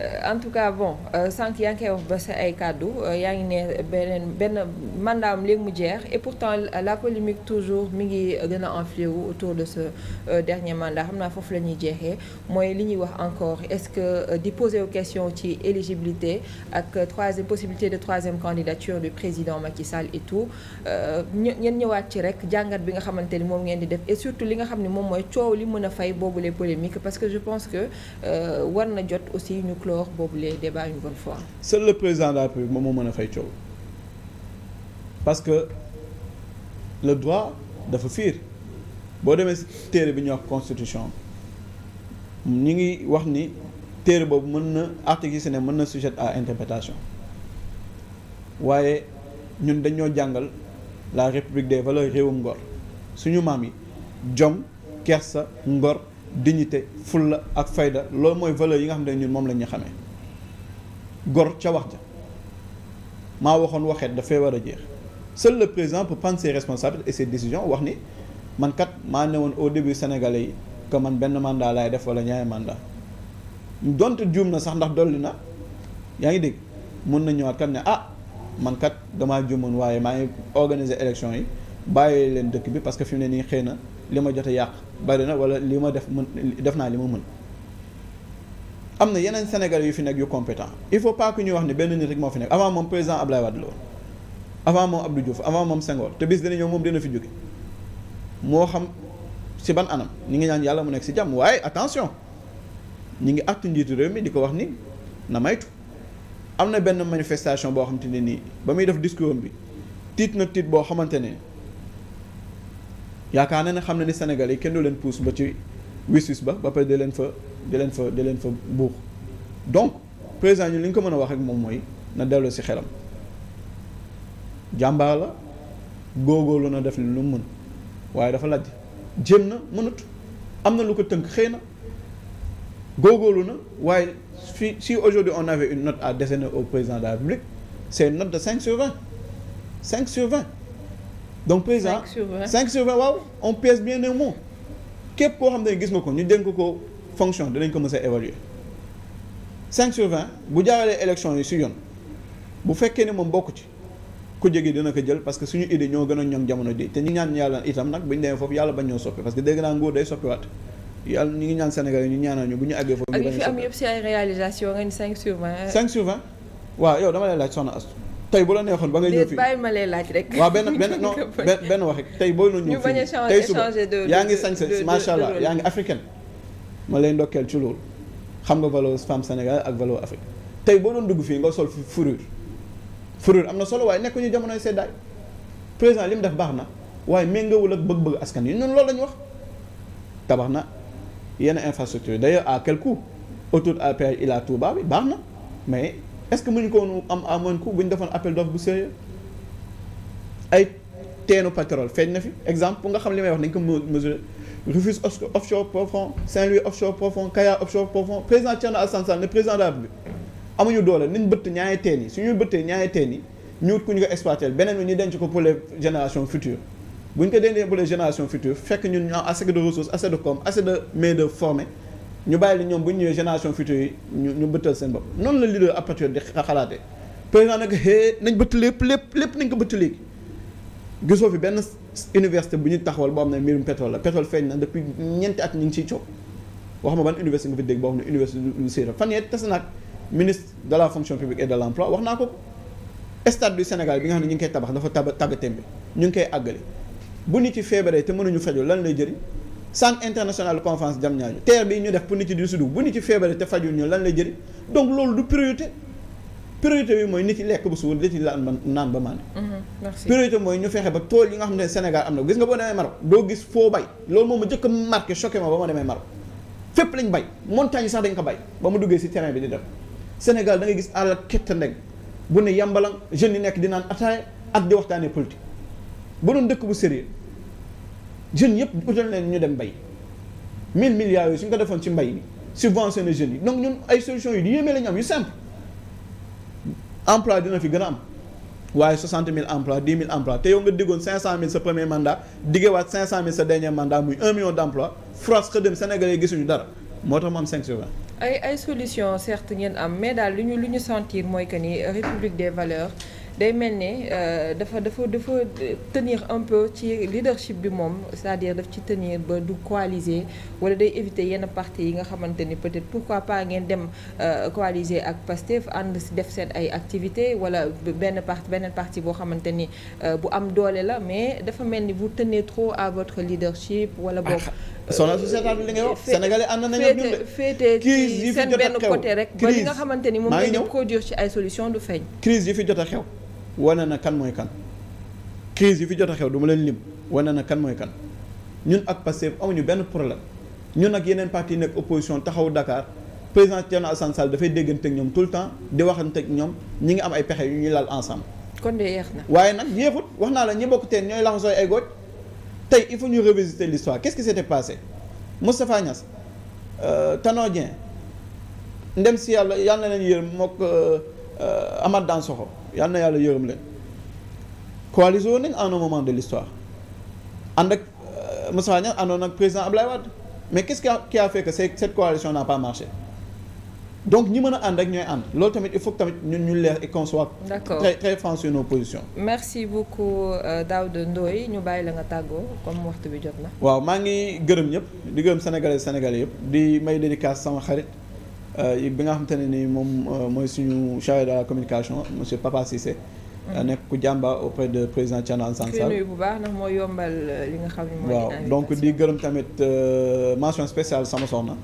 Euh, en tout cas bon euh, sànq yaa ngi koy wax ba sa ay kàddu euh, yaa ngi ne beneen benn mandat am léegi mu jeex et pourtant la polémique toujours mi ngi gën a enflé wu autour de ce dernier mandat xam naa foofu la ñuy jeexee mooy li ñuy wax encore est-ce que di poser question ci éligibilité ak troisième possibilité de troisième candidature du président Macky Sall et tout ñu ngeen ñëwaat ci rek jàngat bi nga xamante ni moom ngeen di def et surtout li nga xam ne moom mooy coow li mën fay boobu les parce que je pense que war na jot aussi ñu. clore boobu les débats une bonne le président de la République moom moo mën a fay coow parce que le droit dafa fiir boo demee téere bi ñu wax constitution ñi ngi wax ni téere boobu mën na article yi si ne mën na sujet à interprétation waaye ñun dañoo jàngal la république des valeurs réewum ngor suñu maam yi jom kersa ngor dignité fulla ak fayda loolu mooy valeur yi nga xam ne ñun moom la ñu xamee gor ca wax ja maa waxoon waxeet dafay war a jeex seul le président peut prendre ses et ses décisions wax ni man kat maa ne woon au début sénégalais yi que man benn mandat laay def wala ñaari mandat donte juum na sax ndax dolli na yaa ngi dégg mun na ñëwaat kat ne ah man kat damaa juumoon waaye maa ngi organiser élection yi bàyyi leen dëkk bi parce que fi mu ne nii xëy na li ma jot a yàq. bari na wala li ma def mën def naa li ma mën am na yeneen Sénégal yu fi nekk yu compétent il faut pas que ñuy wax ne benn nit rek moo fi nekk avant moom président Ablaye Wade la woon avant moom Abdou Diouf avant moom Senghor te bis dina ñëw moom dina fi jóge moo xam si ban anam ñu ngi ñaan yàlla mu nekk si jàmm waaye attention ñi ngi acte njiitu réew mi di ko wax ni na maytu am na benn manifestation boo xamante ne nii ba muy def discours bi tiit na tiit boo xamante ne yaakaar na ne xam na ni Sénégal yi kenn du leen pousse ba ci wis-wis ba ba pare de leen fa di leen fa di leen fa buux donc président ñun li ñu ko mën a wax ak moom mooy na delloo si xelam jàmbaar la góorgóorlu na def li lu mu mën waaye dafa laaj jéem na mënut am na lu ko tënk xëy na góorgóorlu na waaye si si aujourd'hui on avait une note à décerner au président de la République c'est not de 5 sur 20 5 sur 20 donc président 5 sur 20 5 sur waaw on pèse bien un mot képp koo xam ne gis nga ko ñu dénk ko fonction dinañ ko mës a évaluer 5 sur 20 bu jaaralee élection yi si yoon bu fekkee ne moom bokk ci ku jege dina ko jël parce que suñu idée ñoo gën a ñoŋ jamono ji te ñu ñaan yàlla itam nag bu ñu demee foofu yàlla bañ ñoo soppi parce que dégg naa nguur day soppiwaat. yàlla ñu ngi ñaan Sénégal yi ñu ñaanal ñu bu ñu àggee foofu. ñu bañ a soppi ak li yëpp si tey bu la neexoon ba nga ñëw fii bàyyi ma lay laaj rek. waaw benn benn *laughs* non benn wax rek tey booy ñu bañ a changer changer de yaa ngi sañse macha allah yaa ngi africaine. ma lay ndokkeel ci loolu xam nga valeur femme Sénégal ak valeur Afrique tey boo doon dugg fii nga sol fi fourrure fourrure am na solo waaye ñu jamonoy seddaay président li mu def baax na waaye méngawul ak bëgg-bëgg askan yi ñun loolu la wax tabax na yenn infrastructure d'ailleurs à quel coût autoroute à péage Ila Touba bi baax na mais. est-ce que mënuñu ko woon am à moindre coût bu ñu defoon appel d'offre bu sérieux ay teenu pétrole feeñ na fi exemple pour nga xam li may wax nañ ko mesurer Rufisque offshore profond Saint-Louis offshore profond Kayar offshore profond président Thierno Alassane Sall ne président de amuñu doole nañ bëtt ñaari teen yi suñuy bëttee ñaari teen yi ñu wut ku ñu ko exploiter beneen bi ñu denc ko pour les générations futures bu ñu ko dencee pour les générations futures fekk ñu bàyyi li ñoom bu ñu ñëwee génération future yi ñu ñu seen bopp noonu la leader ab patriote di xalaatee président nag hee nañ bëtt lépp lépp lépp nañ ko bëtt léegi gisoo fi benn université bu ñu taxawal boo xam ne mbirum pétrole la pétrole feeñ na depuis ñeenti at ñu ngi ciy coow wax ma ban université nga fi dégg boo xam ne université du Sénégal fan yee tase naag ministre de la fonction publique et de wax naa ko stade du Sénégal bi nga xam ne ñu ngi koy tabax dafa tàggatémbe ñu ngi koy àggale bu nit yi feebaree te mënuñu fajoo lan lay jëriñ centre international de jam Diamniadio terre bi ñu def pour nit yi di sudu bu nit yi feebaree te fajul ñu lan lay jëriñ donc loolu du priorité priorité bi mooy nit yi lekk bu suur nit yi laan ba naan ba maan mhm, priorité mooy ñu fexe ba tool yi nga xam ne Sénégal am na gis nga boo demee Maroc doo gis foo bay loolu moom ma njëkk a marqué choqué ma ba ma demee Maroc fépp lañ bay montagne yi sax dañ ko bay ba mu duggee si terrain bi di def Sénégal da ngay gis àll kett ndeg bu ne yambalang jeunes yi nekk di naan ataaya ak di waxtaanee politique bu doon dëkk bu sérieux jeunes yëpp utal leen ñu dem bay 1000 milliards yooyu suñ ko defoon ci mbay mi subventionné jeunes yi donc ñun ay solutions yu yéeme la ñu am yu simple emploi dina fi gën a am waaye 60 000 emplois 10 000 emplois te yow nga diggoon 500 000 sa premier mandat diggewaat 500 000 sa dernier mandat muy 1 million d' France xëy dem gisuñu dara moo tax mu am 5 sur 20. ay ay solutions certes ngeen am mais daal lu ñu lu ñu sentir mooy que ni république des valeurs. day mel ne euh, dafa dafa dafa tenir un peu ci leadership bi moom cest à ci tenir ba du coaliser wala day éviter yenn parti yi nga xamante ni peut-être pourquoi pas ngeen dem euh, coaliser ak Pastef ànd si def seen ay activité wala benn parti benn parti boo xamante ni euh, bu am doole la mais dafa mel ni vous tenez trop à votre leadership wala boog ah, ah, soxna su seetaan li ngay wax sénégalais ànd nañu ñun de féete ci seen benn côté rek ba li nga xamante ni moom ngeen di produire ci ay solution du feeñ crise yi fi jot xew wane na kan mooy kan crise yi fi jot a xew du ma leen lim wane na kan mooy kan ñun ak Pastef amuñu benn problème ñun ak yeneen parti nekk opposition taxaw dakaar président Thierno Alassane dafay déggante ñoom tout le temps di waxante ak ñoom ñi ngi am ay pexe yu ñuy laal ensemble. kon de yéex na. waaye nag yéexut wax naa la ñi bokk teen ñooy laxasooy ay góoj tey il faut ñu revisiter l'histoire qu'est-ce qui s'était passé Moustapha Niass euh, Tanor Dieng ndem si yàlla yàlla na leen yërëm mook euh, euh, Amath Dansokho yàlla na yàlla yërëm leen coalisé woon nañ en un moment de ànd ak euh, Moussa Niasse àndoon ak président Ablaye Wade mais qu'est-ce qui a qui a fait que cette coalition n'a pas marché donc ñi mën a ànd rek ñooy ànd loolu tamit il faut que tamit ñun ñu leer et qu'on soit très très franc sur nos positions merci beaucoup euh, Daouda Ndoye ñu bàyyi la nga tàggoo comme waxtu bi jot na waaw maa ngi gërëm ñëpp di gërëm sénégalais sénégalais yëpp di may dédicace sama xarit Euh, bi nga xamante ne ni moom euh, mooy suñu chargé de la communication monsieur Papa Cissé. Euh, mm. nekk ku jàmba auprès de président Thierno Alassane Sall nuyu bu baax ndax moo yombal li nga xam ne waaw donc di gërëm tamit mention spéciale sama soxna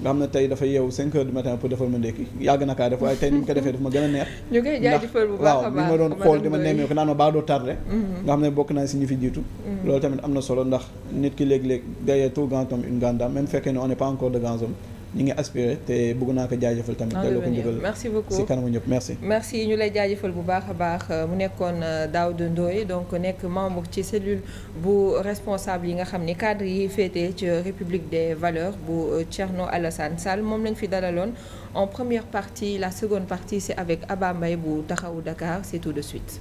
nga xam ne tey dafa yeewu 5 heures du matin pour defal ma ndékki yàgg na kaa def waaye tey ni mu ko defee dafa ma gën a neex. *laughs* ñu koy jaajëfal bu baax a baax waaw ma doon xool di ma nemmee ko naan ma baax doo tardé. Mm-hmm. nga xam ne bokk naa si ñi fi jiitu. Mm-hmm. loolu tamit am na solo ndax nit ki léeg-léeg day tout grand homme une grande dame même fekkee ne on n'est pas encore de grands hommes ñu ngi aspiré te bëgg naa ko jaajëfal tamit delloo ko njugal merci beaucoup si kanamu merci merci ñu lay jaajafal bu baax a baax mu nekkoon daaw euh, Daouda Ndoye donc nekk membre ci cellule bu responsable yi nga xam ni cadre yi féete ci République des valeurs bu euh, Thierno Alassane Sall moom lañu fi dalaloon en première partie la seconde partie c'est avec Abba bu Taxawu Dakar c'est tout de suite